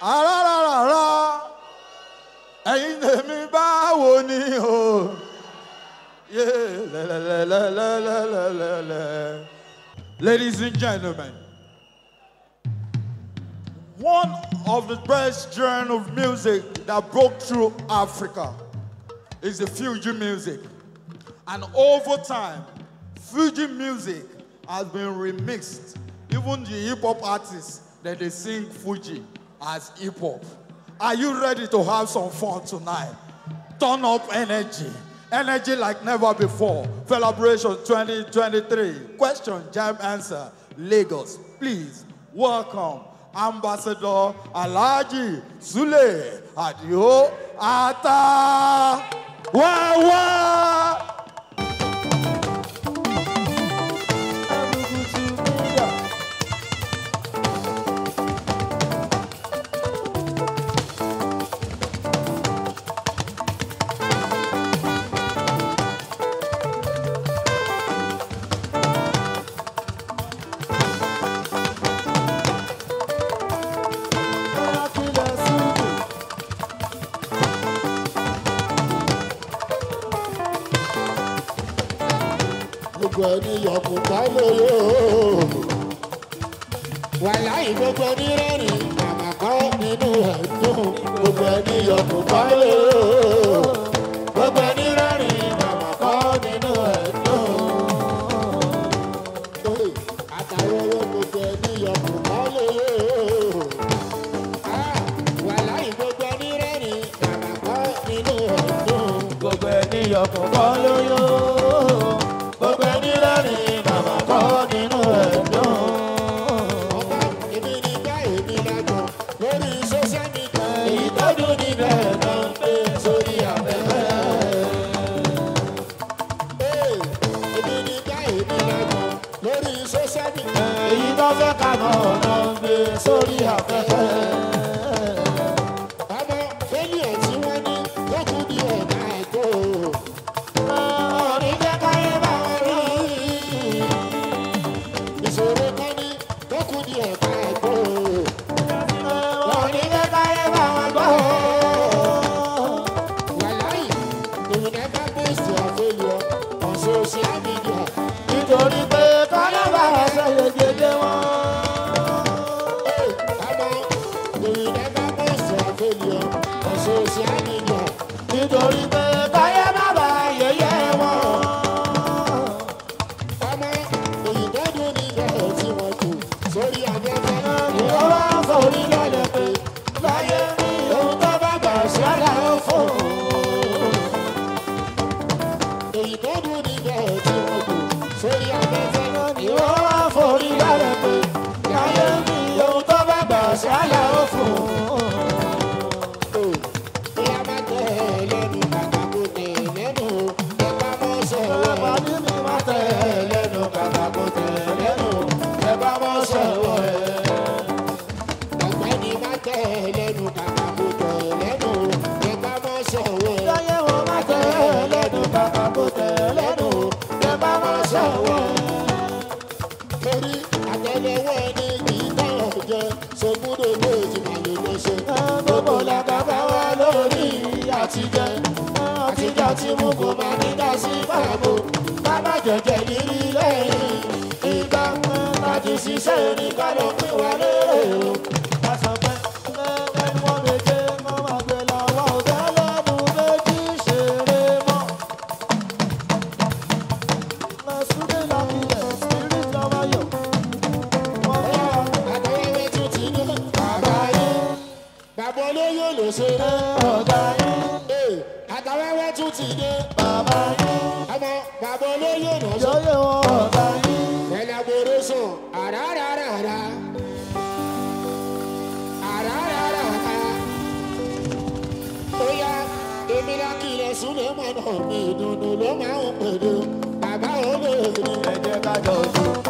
arárárá ẹ̀yin tèmi báwo ni o yé lẹ́lẹ́lẹ́lẹ́lẹ́lẹ́lẹ́. Ladies and gentlemen, one of the best genre of music that broke through Africa is the Fuji music. And over time, Fuji music has been remixed. Even the hip hop artists that they sing Fuji. as hip hop. Are you ready to have some fun tonight? Turn up energy. Energy like never before. Celebration 2023. Question, jam, answer. Lagos, please welcome Ambassador Alaji Sule Adio Ata. Wow, wow! gbogbo ẹni yọkùnkà lóye o. wàláì gbogbo ẹni rẹ́rìn àmàkọ́ nínú ẹ̀dùn gbogbo ẹni yọkùnkà lóye o. gbogbo ẹni rẹ́rìn àmàkọ́ nínú ẹ̀dùn. àtàwọn owó gbogbo ẹni yọkùnkà lóye o. Ah, wàláì gbogbo ẹni rẹ́rìn àmàkọ́ nínú ẹ̀dùn gbogbo ẹni yọkùnkà lóye o. bá fẹ́ ká mọ ọ̀nà gbé sórí afẹ́fẹ́. ọmọ fẹ́lẹ̀ tí wọ́n ní ó tún ọ̀nà àgbo. ọ̀rìn jẹ́ káyé bá wọn rí. ìṣòro kan ní ó tún ọ̀nà àgbo. ọ̀rìn jẹ́ káyé bá wọn gbọ́. wàláyé ìrìnà bá bẹ́sì àfẹ́lẹ́ ọ̀sọ̀ọ̀sẹ̀ àbíjọ́. sí fàbò bàbá jẹjẹ yìí lẹ́yìn ìgbà kan láti ṣiṣẹ́ ní kálọ̀ pín wá lérè o. àgbọn lóyè náà sọ. lóyè wọn ọ̀gá yín. ẹ̀lẹ́ àgbòrò sùn àràràràrà. àràràràrà. ó yá èmi lákìlẹ̀ súnlẹ̀ mọ́nà mi ìdùnnú ló máa ń pèlú bàbá olóògùn. ẹ̀jẹ̀ bá jọ dùn.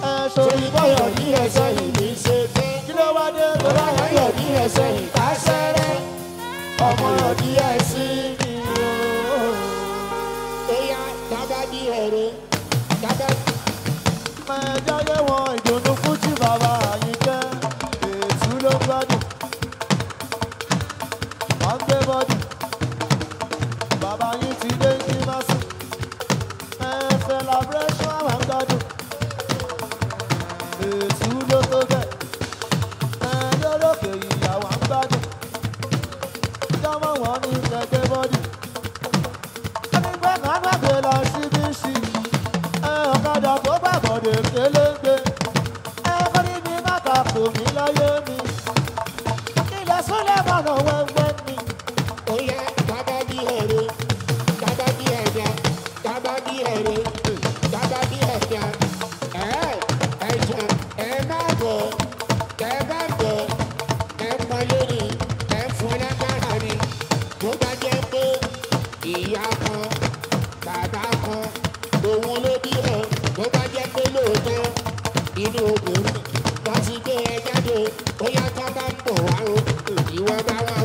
哎，所以包药，你也猜。bóyá tó bá ń bọ̀ wá o ìwọ bá wà.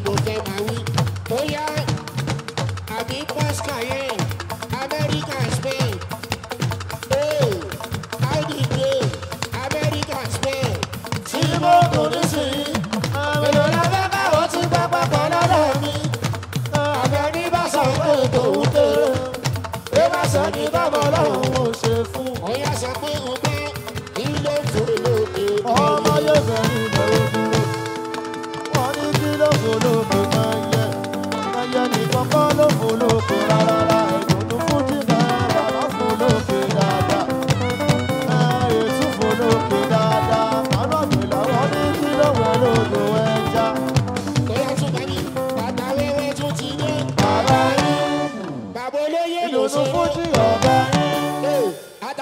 vou Zé me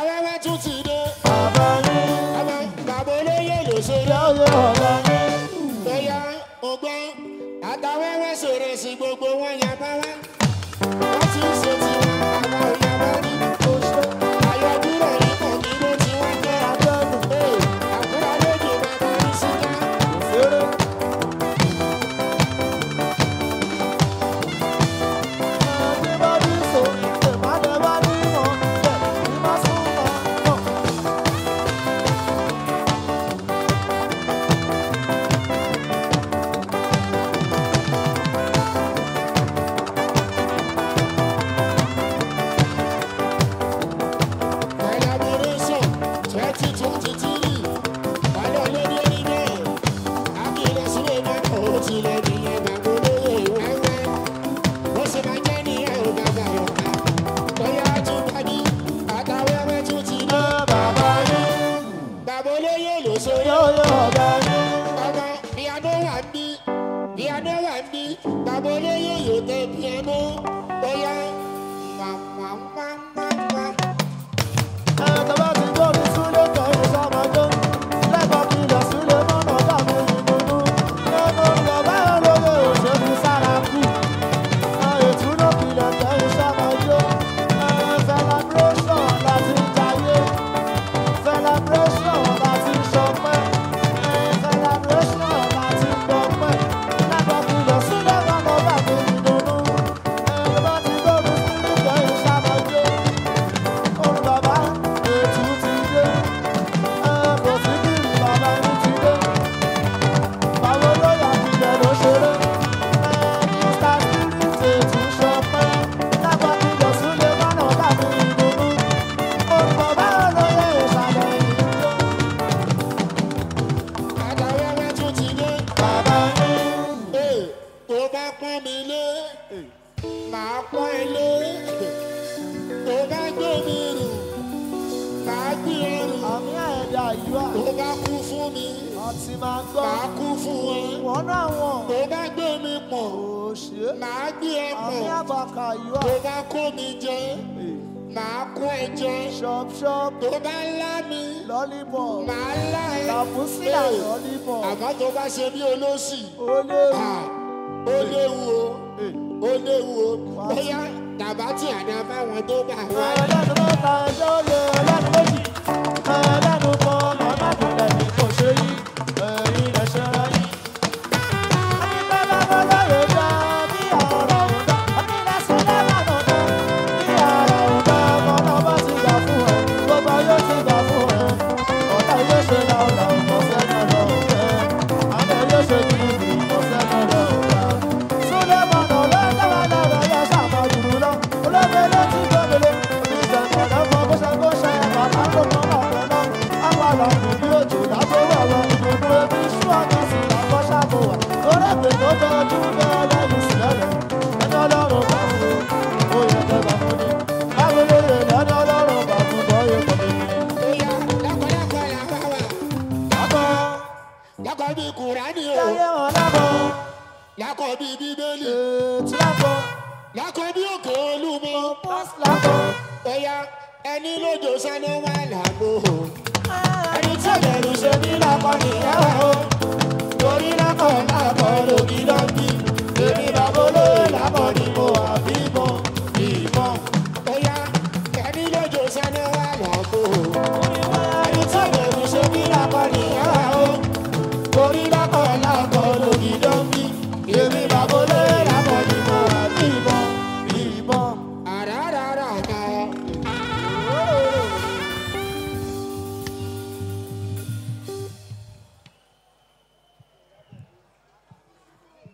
高山女子で tó bá gbé mi rìn màá gbé ọ rìn. àmì ẹ̀dá ìlú à. tó bá kú fún mi. ọtí máa gbọ́. màá kú fún ẹ. wọ́n náà wọ̀n. Làbùsílà lọ́líbọ̀. Àmọ́ ṣe bí olóṣì. Olórí. àti àdá fáwọn tó bá wá. ọlọ́run ló ta dóòlù. lákọ̀ bí bíbélì. ètí àpò. lákọ̀ bí òkè olúmọ. lákọ̀. ẹ̀yà ẹni lójó sanu wà lágbo. Ah. ẹni tí ìbẹ̀rù ṣe bí lákọ̀ nìyàwó. torí lákọ̀ lákọ̀ lòdì lọ́bí.